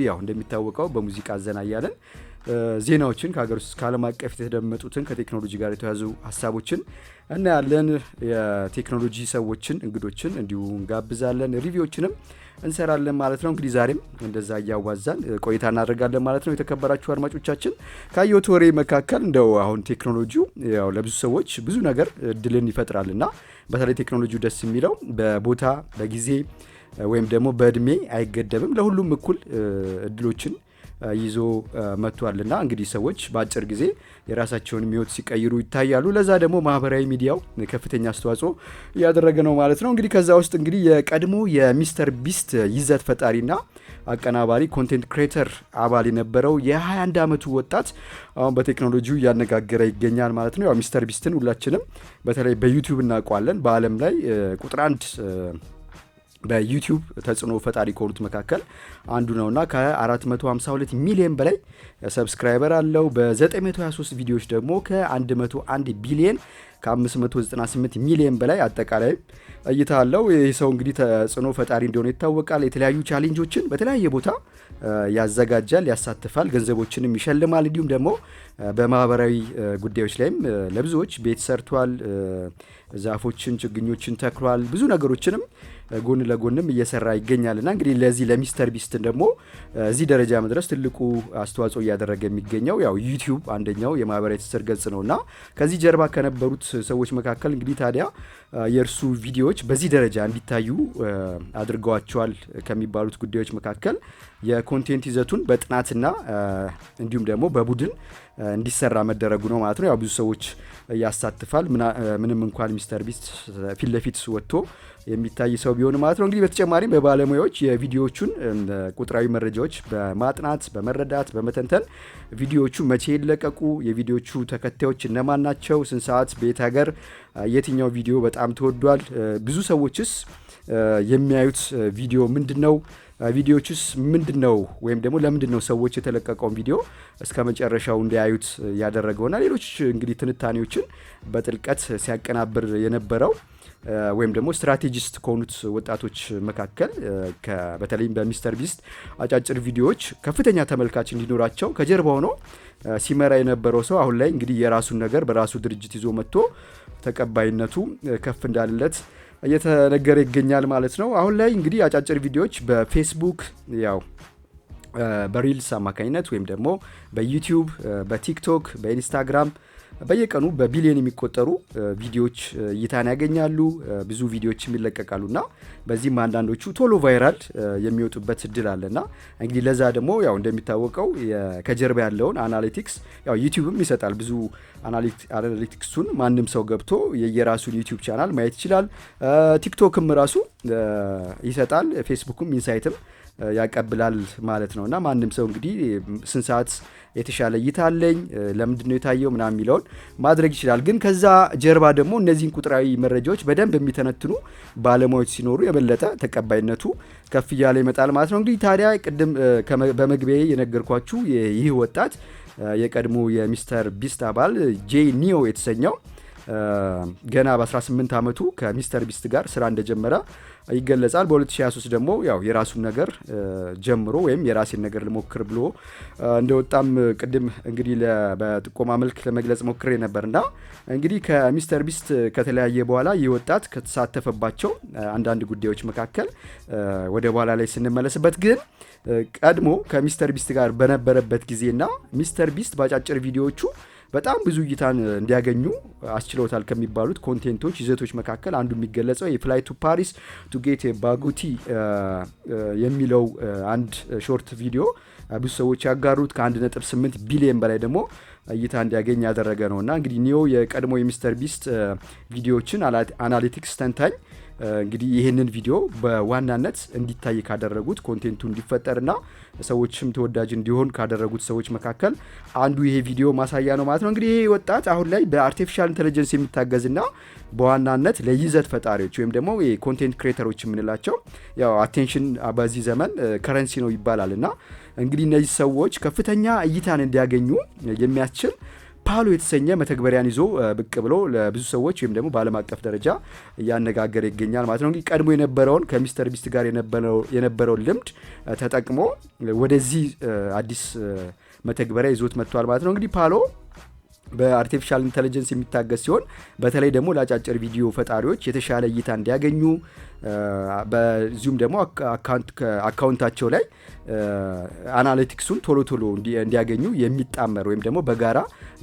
እንግዲህ ያው እንደሚታወቀው በሙዚቃ ዘና እያለን ዜናዎችን ከሀገር ውስጥ ከዓለም አቀፍ የተደመጡትን ከቴክኖሎጂ ጋር የተያዙ ሀሳቦችን እናያለን። የቴክኖሎጂ ሰዎችን እንግዶችን እንዲሁ እንጋብዛለን፣ ሪቪዎችንም እንሰራለን ማለት ነው። እንግዲህ ዛሬም እንደዛ እያዋዛን ቆይታ እናደርጋለን ማለት ነው። የተከበራችሁ አድማጮቻችን ካየሁት ወሬ መካከል እንደው አሁን ቴክኖሎጂው ያው ለብዙ ሰዎች ብዙ ነገር እድልን ይፈጥራልና በተለይ ቴክኖሎጂው ደስ የሚለው በቦታ በጊዜ ወይም ደግሞ በእድሜ አይገደብም፣ ለሁሉም እኩል እድሎችን ይዞ መጥቷልና እንግዲህ ሰዎች በአጭር ጊዜ የራሳቸውን ህይወት ሲቀይሩ ይታያሉ። ለዛ ደግሞ ማህበራዊ ሚዲያው ከፍተኛ አስተዋጽኦ እያደረገ ነው ማለት ነው። እንግዲህ ከዛ ውስጥ እንግዲህ የቀድሞ የሚስተር ቢስት ይዘት ፈጣሪና አቀናባሪ ኮንቴንት ክሬተር አባል የነበረው የ21 ዓመቱ ወጣት አሁን በቴክኖሎጂው እያነጋገረ ይገኛል ማለት ነው። ያው ሚስተር ቢስትን ሁላችንም በተለይ በዩቲዩብ እናውቀዋለን። በዓለም ላይ ቁጥር አንድ በዩቲዩብ ተጽዕኖ ፈጣሪ ከሆኑት መካከል አንዱ ነውና ከ452 ሚሊዮን በላይ ሰብስክራይበር አለው። በ923 ቪዲዮዎች ደግሞ ከ101 ቢሊየን ከ598 ሚሊዮን በላይ አጠቃላይ እይታ አለው። ይህ ሰው እንግዲህ ተጽዕኖ ፈጣሪ እንደሆነ ይታወቃል። የተለያዩ ቻሌንጆችን በተለያየ ቦታ ያዘጋጃል፣ ያሳትፋል፣ ገንዘቦችንም ይሸልማል። እንዲሁም ደግሞ በማህበራዊ ጉዳዮች ላይም ለብዙዎች ቤት ሰርቷል፣ ዛፎችን፣ ችግኞችን ተክሏል። ብዙ ነገሮችንም ጎን ለጎንም እየሰራ ይገኛልና እንግዲህ ለዚህ ለሚስተር ቢስትን ደግሞ እዚህ ደረጃ መድረስ ትልቁ አስተዋጽኦ እያደረገ የሚገኘው ያው ዩቲዩብ አንደኛው የማህበራዊ ትስስር ገጽ እና ከዚህ ጀርባ ከነበሩት ሰዎች መካከል እንግዲህ ታዲያ የእርሱ ቪዲዮዎች በዚህ ደረጃ እንዲታዩ አድርገዋቸዋል ከሚባሉት ጉዳዮች መካከል የኮንቴንት ይዘቱን በጥናትና እንዲሁም ደግሞ በቡድን እንዲሰራ መደረጉ ነው ማለት ነው። ያው ብዙ ሰዎች ያሳትፋል ምንም እንኳን ሚስተር ቢስት ፊት ለፊት ወጥቶ የሚታይ ሰው ቢሆን ማለት ነው። እንግዲህ በተጨማሪም በባለሙያዎች የቪዲዮዎቹን ቁጥራዊ መረጃዎች በማጥናት በመረዳት በመተንተን ቪዲዮዎቹ መቼ ይለቀቁ፣ የቪዲዮቹ ተከታዮች እነማን ናቸው፣ ስንት ሰዓት፣ በየት ሀገር የትኛው ቪዲዮ በጣም ተወዷል፣ ብዙ ሰዎችስ የሚያዩት ቪዲዮ ምንድን ነው ቪዲዮዎችስ ምንድን ነው ወይም ደግሞ ለምንድን ነው ሰዎች የተለቀቀውን ቪዲዮ እስከ መጨረሻው እንዲያዩት ያደረገውና ሌሎች እንግዲህ ትንታኔዎችን በጥልቀት ሲያቀናብር የነበረው ወይም ደግሞ ስትራቴጂስት ከሆኑት ወጣቶች መካከል በተለይም በሚስተር ቢስት አጫጭር ቪዲዮዎች ከፍተኛ ተመልካች እንዲኖራቸው ከጀርባ ሆኖ ሲመራ የነበረው ሰው አሁን ላይ እንግዲህ የራሱን ነገር በራሱ ድርጅት ይዞ መጥቶ ተቀባይነቱ ከፍ እንዳለለት እየተነገረ ይገኛል ማለት ነው። አሁን ላይ እንግዲህ አጫጭር ቪዲዮዎች በፌስቡክ ያው በሪልስ አማካኝነት ወይም ደግሞ በዩቲዩብ፣ በቲክቶክ፣ በኢንስታግራም በየቀኑ በቢሊዮን የሚቆጠሩ ቪዲዮዎች እይታን ያገኛሉ። ብዙ ቪዲዮዎችም ይለቀቃሉ እና በዚህም አንዳንዶቹ ቶሎ ቫይራል የሚወጡበት እድል አለ እና እንግዲህ ለዛ ደግሞ ያው እንደሚታወቀው ከጀርባ ያለውን አናሊቲክስ ያው ዩቲዩብም ይሰጣል። ብዙ አናሊቲክሱን ማንም ሰው ገብቶ የየራሱን ዩቲዩብ ቻናል ማየት ይችላል። ቲክቶክም ራሱ ይሰጣል። ፌስቡክም ኢንሳይትም ያቀብላል ማለት ነው እና ማንም ሰው እንግዲህ ስንት ሰዓት የተሻለ እይታለኝ አለኝ ለምንድን ነው የታየው ምና የሚለውን ማድረግ ይችላል። ግን ከዛ ጀርባ ደግሞ እነዚህን ቁጥራዊ መረጃዎች በደንብ የሚተነትኑ ባለሙያዎች ሲኖሩ የበለጠ ተቀባይነቱ ከፍ እያለ ይመጣል ማለት ነው። እንግዲህ ታዲያ ቅድም በመግቢያ የነገርኳችሁ ይህ ወጣት የቀድሞ የሚስተር ቢስት አባል ጄ ኒዮ የተሰኘው ገና በ18 ዓመቱ ከሚስተር ቢስት ጋር ስራ እንደጀመረ ይገለጻል። በ2023 ደግሞ ያው የራሱን ነገር ጀምሮ ወይም የራሴን ነገር ልሞክር ብሎ እንደወጣም ቅድም እንግዲህ በጥቆማ መልክ ለመግለጽ ሞክሬ ነበር እና እንግዲህ ከሚስተር ቢስት ከተለያየ በኋላ ይህ ወጣት ከተሳተፈባቸው አንዳንድ ጉዳዮች መካከል ወደ በኋላ ላይ ስንመለስበት ግን ቀድሞ ከሚስተር ቢስት ጋር በነበረበት ጊዜና ሚስተር ቢስት በአጫጭር ቪዲዮዎቹ በጣም ብዙ እይታን እንዲያገኙ አስችለውታል ከሚባሉት ኮንቴንቶች ይዘቶች መካከል አንዱ የሚገለጸው የፍላይ ቱ ፓሪስ ቱ ጌት ባጉቲ የሚለው አንድ ሾርት ቪዲዮ ብዙ ሰዎች ያጋሩት ከ1.8 ቢሊየን በላይ ደግሞ እይታ እንዲያገኝ ያደረገ ነው እና እንግዲህ ኒዮ የቀድሞ የሚስተር ቢስት ቪዲዮዎችን አናሊቲክስ ተንታኝ እንግዲህ ይህንን ቪዲዮ በዋናነት እንዲታይ ካደረጉት ኮንቴንቱ እንዲፈጠርና ሰዎችም ተወዳጅ እንዲሆን ካደረጉት ሰዎች መካከል አንዱ ይሄ ቪዲዮ ማሳያ ነው ማለት ነው። እንግዲህ ይሄ ወጣት አሁን ላይ በአርቲፊሻል ኢንቴሊጀንስ የሚታገዝና በዋናነት ለይዘት ፈጣሪዎች ወይም ደግሞ ኮንቴንት ክሬተሮች የምንላቸው ያው አቴንሽን በዚህ ዘመን ከረንሲ ነው ይባላል እና እንግዲህ እነዚህ ሰዎች ከፍተኛ እይታን እንዲያገኙ የሚያስችል ፓሎ የተሰኘ መተግበሪያን ይዞ ብቅ ብሎ ለብዙ ሰዎች ወይም ደግሞ በዓለም አቀፍ ደረጃ እያነጋገረ ይገኛል ማለት ነው። እንግዲህ ቀድሞ የነበረውን ከሚስተር ቢስት ጋር የነበረውን ልምድ ተጠቅሞ ወደዚህ አዲስ መተግበሪያ ይዞት መጥቷል ማለት ነው። እንግዲህ ፓሎ በአርቲፊሻል ኢንተለጀንስ የሚታገዝ ሲሆን በተለይ ደግሞ ለአጫጭር ቪዲዮ ፈጣሪዎች የተሻለ እይታ እንዲያገኙ በዚሁም ደግሞ አካውንታቸው ላይ አናሊቲክሱን ቶሎ ቶሎ እንዲያገኙ የሚጣመር ወይም ደግሞ በጋራ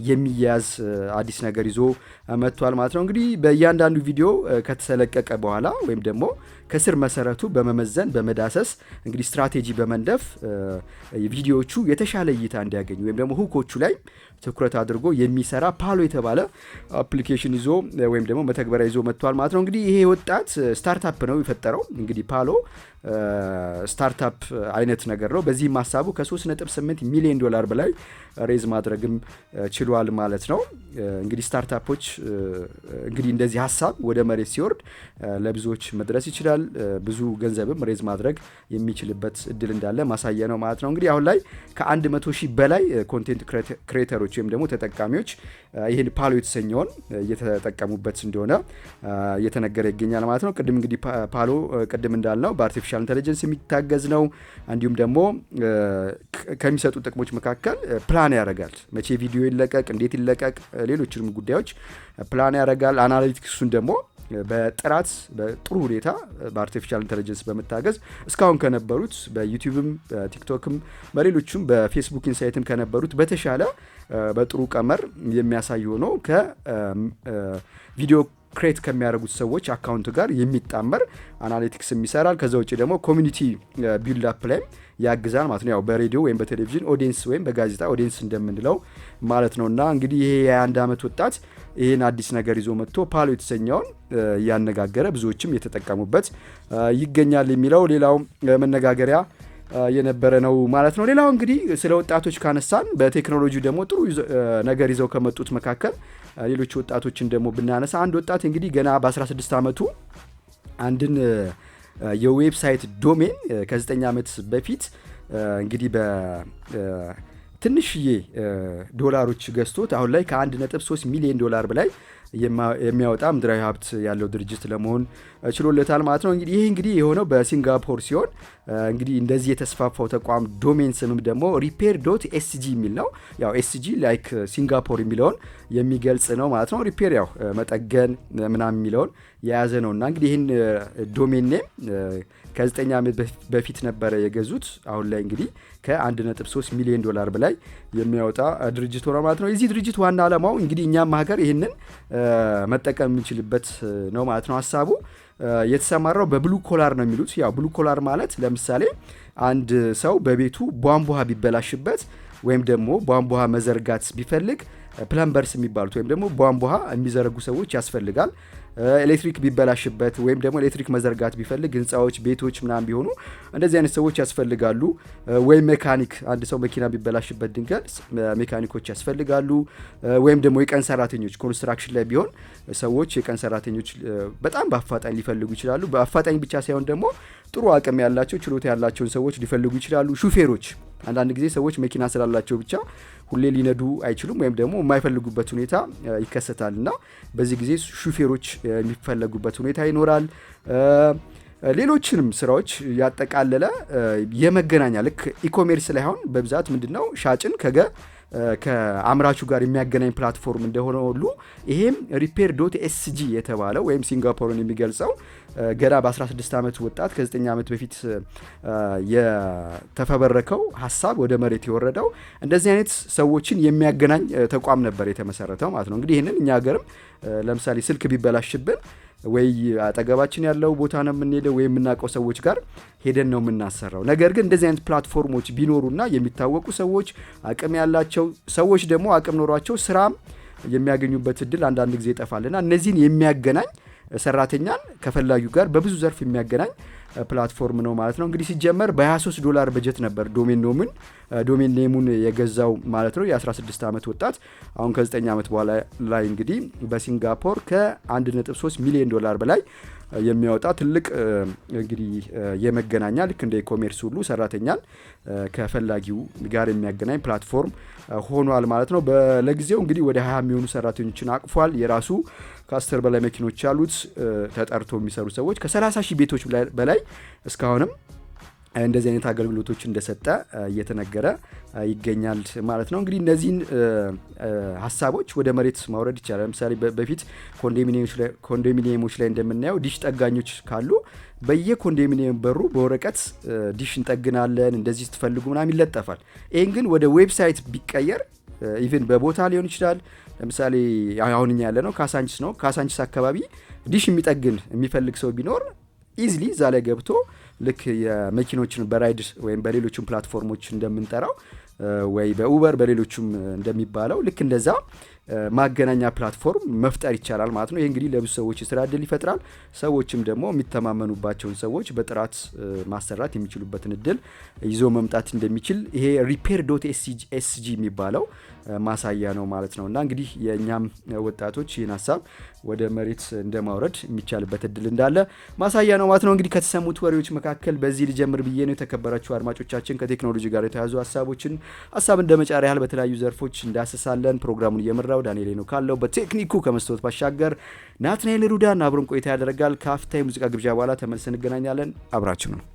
የሚያያዝ አዲስ ነገር ይዞ መጥቷል ማለት ነው። እንግዲህ በእያንዳንዱ ቪዲዮ ከተሰለቀቀ በኋላ ወይም ደግሞ ከስር መሰረቱ በመመዘን በመዳሰስ እንግዲህ ስትራቴጂ በመንደፍ ቪዲዮዎቹ የተሻለ እይታ እንዲያገኙ ወይም ደግሞ ሁኮቹ ላይ ትኩረት አድርጎ የሚሰራ ፓሎ የተባለ አፕሊኬሽን ይዞ ወይም ደግሞ መተግበሪያ ይዞ መጥቷል ማለት ነው። እንግዲህ ይሄ ወጣት ስታርታፕ ነው የፈጠረው። እንግዲህ ፓሎ ስታርታፕ አይነት ነገር ነው። በዚህም ሀሳቡ ከ3.8 ሚሊዮን ዶላር በላይ ሬዝ ማድረግም ችሏል ማለት ነው። እንግዲህ ስታርታፖች እንግዲህ እንደዚህ ሀሳብ ወደ መሬት ሲወርድ ለብዙዎች መድረስ ይችላል። ብዙ ገንዘብም ሬዝ ማድረግ የሚችልበት እድል እንዳለ ማሳያ ነው ማለት ነው። እንግዲህ አሁን ላይ ከ100 ሺህ በላይ ኮንቴንት ክሬተሮች ወይም ደግሞ ተጠቃሚዎች ይህን ፓሎ የተሰኘውን እየተጠቀሙበት እንደሆነ እየተነገረ ይገኛል ማለት ነው። ቅድም እንግዲህ ፓሎ ቅድም እንዳልነው በአርቲፊሻል ኢንቴሊጀንስ የሚታገዝ ነው። እንዲሁም ደግሞ ከሚሰጡ ጥቅሞች መካከል ፕላን ያደርጋል። መቼ ቪዲዮ ይለቀቅ፣ እንዴት ይለቀቅ፣ ሌሎችንም ጉዳዮች ፕላን ያደርጋል። አናሊቲክሱን ደግሞ በጥራት በጥሩ ሁኔታ በአርቲፊሻል ኢንቴሊጀንስ በመታገዝ እስካሁን ከነበሩት በዩቲዩብም በቲክቶክም በሌሎችም በፌስቡክ ኢንሳይትም ከነበሩት በተሻለ በጥሩ ቀመር የሚያሳይ ሆኖ ከቪዲዮ ክሬት ከሚያደርጉት ሰዎች አካውንት ጋር የሚጣመር አናሊቲክስም ይሰራል። ከዛ ውጭ ደግሞ ኮሚኒቲ ቢልድ አፕ ላይም ያግዛል ማለት ነው። ያው በሬዲዮ ወይም በቴሌቪዥን ኦዲየንስ ወይም በጋዜጣ ኦዲየንስ እንደምንለው ማለት ነው። እና እንግዲህ ይሄ የአንድ ዓመት ወጣት ይህን አዲስ ነገር ይዞ መጥቶ ፓሎ የተሰኘውን እያነጋገረ ብዙዎችም የተጠቀሙበት ይገኛል የሚለው ሌላው መነጋገሪያ የነበረ ነው ማለት ነው። ሌላው እንግዲህ ስለ ወጣቶች ካነሳን በቴክኖሎጂ ደግሞ ጥሩ ነገር ይዘው ከመጡት መካከል ሌሎች ወጣቶችን ደግሞ ብናነሳ አንድ ወጣት እንግዲህ ገና በ16 ዓመቱ አንድን የዌብሳይት ዶሜን ከ9 ዓመት በፊት እንግዲህ በትንሽዬ ዶላሮች ገዝቶት አሁን ላይ ከ1.3 ሚሊዮን ዶላር በላይ የሚያወጣ ምድራዊ ሀብት ያለው ድርጅት ለመሆን ችሎለታል ማለት ነው። ይህ እንግዲህ የሆነው በሲንጋፖር ሲሆን እንግዲህ እንደዚህ የተስፋፋው ተቋም ዶሜን ስምም ደግሞ ሪፔር ዶት ኤስጂ የሚል ነው። ያው ኤስጂ ላይክ ሲንጋፖር የሚለውን የሚገልጽ ነው ማለት ነው። ሪፔር ያው መጠገን ምናምን የሚለውን የያዘ ነው እና እንግዲህ ይህን ዶሜን ኔም ከ9 ዓመት በፊት ነበረ የገዙት። አሁን ላይ እንግዲህ ከ1.3 ሚሊዮን ዶላር በላይ የሚያወጣ ድርጅት ሆነ ማለት ነው። የዚህ ድርጅት ዋና ዓላማው እንግዲህ እኛም ሀገር ይህንን መጠቀም የምንችልበት ነው ማለት ነው ሀሳቡ የተሰማራው በብሉ ኮላር ነው የሚሉት። ያው ብሉ ኮላር ማለት ለምሳሌ አንድ ሰው በቤቱ ቧንቧ ቢበላሽበት ወይም ደግሞ ቧንቧ መዘርጋት ቢፈልግ ፕለምበርስ የሚባሉት ወይም ደግሞ ቧንቧ የሚዘረጉ ሰዎች ያስፈልጋል። ኤሌክትሪክ ቢበላሽበት ወይም ደግሞ ኤሌክትሪክ መዘርጋት ቢፈልግ ህንፃዎች፣ ቤቶች ምናምን ቢሆኑ እንደዚህ አይነት ሰዎች ያስፈልጋሉ። ወይም ሜካኒክ፣ አንድ ሰው መኪና ቢበላሽበት ድንገት ሜካኒኮች ያስፈልጋሉ። ወይም ደግሞ የቀን ሰራተኞች፣ ኮንስትራክሽን ላይ ቢሆን ሰዎች የቀን ሰራተኞች በጣም በአፋጣኝ ሊፈልጉ ይችላሉ። በአፋጣኝ ብቻ ሳይሆን ደግሞ ጥሩ አቅም ያላቸው ችሎታ ያላቸውን ሰዎች ሊፈልጉ ይችላሉ። ሹፌሮች አንዳንድ ጊዜ ሰዎች መኪና ስላላቸው ብቻ ሁሌ ሊነዱ አይችሉም፣ ወይም ደግሞ የማይፈልጉበት ሁኔታ ይከሰታል እና በዚህ ጊዜ ሹፌሮች የሚፈለጉበት ሁኔታ ይኖራል። ሌሎችንም ስራዎች ያጠቃለለ የመገናኛ ልክ ኢኮሜርስ ላይ አሁን በብዛት ምንድነው ሻጭን ከገ ከአምራቹ ጋር የሚያገናኝ ፕላትፎርም እንደሆነ ሁሉ ይሄም ሪፔር ዶት ኤስጂ የተባለው ወይም ሲንጋፖርን የሚገልጸው ገና በ16 ዓመት ወጣት ከ9 ዓመት በፊት የተፈበረከው ሀሳብ ወደ መሬት የወረደው እንደዚህ አይነት ሰዎችን የሚያገናኝ ተቋም ነበር የተመሰረተው ማለት ነው። እንግዲህ ይህንን እኛ ሀገርም ለምሳሌ ስልክ ቢበላሽብን ወይ አጠገባችን ያለው ቦታ ነው የምንሄደው፣ ወይ የምናውቀው ሰዎች ጋር ሄደን ነው የምናሰራው። ነገር ግን እንደዚህ አይነት ፕላትፎርሞች ቢኖሩና የሚታወቁ ሰዎች አቅም ያላቸው ሰዎች ደግሞ አቅም ኖሯቸው ስራም የሚያገኙበት እድል አንዳንድ ጊዜ ይጠፋልና እነዚህን የሚያገናኝ ሰራተኛን ከፈላጊው ጋር በብዙ ዘርፍ የሚያገናኝ ፕላትፎርም ነው ማለት ነው። እንግዲህ ሲጀመር በ23 ዶላር በጀት ነበር ዶሜን ኖምን ዶሜን ኔሙን የገዛው ማለት ነው። የ16 ዓመት ወጣት አሁን ከ9 ዓመት በኋላ ላይ እንግዲህ በሲንጋፖር ከ1.3 ሚሊዮን ዶላር በላይ የሚያወጣ ትልቅ እንግዲህ የመገናኛ ልክ እንደ ኢኮሜርስ ሁሉ ሰራተኛን ከፈላጊው ጋር የሚያገናኝ ፕላትፎርም ሆኗል ማለት ነው። ለጊዜው እንግዲህ ወደ ሀያ የሚሆኑ ሰራተኞችን አቅፏል። የራሱ ከአስር በላይ መኪኖች ያሉት ተጠርቶ የሚሰሩ ሰዎች ከ30 ሺህ ቤቶች በላይ እስካሁንም እንደዚህ አይነት አገልግሎቶች እንደሰጠ እየተነገረ ይገኛል ማለት ነው። እንግዲህ እነዚህን ሀሳቦች ወደ መሬት ማውረድ ይቻላል። ለምሳሌ በፊት ኮንዶሚኒየሞች ላይ እንደምናየው ዲሽ ጠጋኞች ካሉ በየኮንዶሚኒየም በሩ በወረቀት ዲሽ እንጠግናለን እንደዚህ ስትፈልጉ ምናም ይለጠፋል። ይህን ግን ወደ ዌብሳይት ቢቀየር ኢቨን በቦታ ሊሆን ይችላል። ለምሳሌ አሁን እኛ ያለ ነው ካሳንችስ ነው። ካሳንችስ አካባቢ ዲሽ የሚጠግን የሚፈልግ ሰው ቢኖር ኢዝሊ እዛ ላይ ገብቶ ልክ የመኪኖችን በራይድ ወይም በሌሎችም ፕላትፎርሞች እንደምንጠራው ወይ በኡበር በሌሎችም እንደሚባለው ልክ እንደዛ ማገናኛ ፕላትፎርም መፍጠር ይቻላል ማለት ነው። ይህ እንግዲህ ለብዙ ሰዎች የስራ እድል ይፈጥራል። ሰዎችም ደግሞ የሚተማመኑባቸውን ሰዎች በጥራት ማሰራት የሚችሉበትን እድል ይዞ መምጣት እንደሚችል ይሄ ሪፔር ዶት ኤስጂ የሚባለው ማሳያ ነው ማለት ነው። እና እንግዲህ የእኛም ወጣቶች ይህን ሀሳብ ወደ መሬት እንደማውረድ የሚቻልበት እድል እንዳለ ማሳያ ነው ማለት ነው። እንግዲህ ከተሰሙት ወሬዎች መካከል በዚህ ልጀምር ብዬ ነው። የተከበራችሁ አድማጮቻችን ከቴክኖሎጂ ጋር የተያዙ ሀሳቦችን ሀሳብ እንደመጫሪያ ያህል በተለያዩ ዘርፎች እንዳስሳለን ፕሮግራሙን እየመራ የሚመራው ዳንኤል ኖ ካለው በቴክኒኩ ከመስታወት ባሻገር ናትናኤል ሩዳን አብሮን ቆይታ ያደረጋል። ከአፍታ የሙዚቃ ግብዣ በኋላ ተመልሰን እንገናኛለን። አብራችን ነው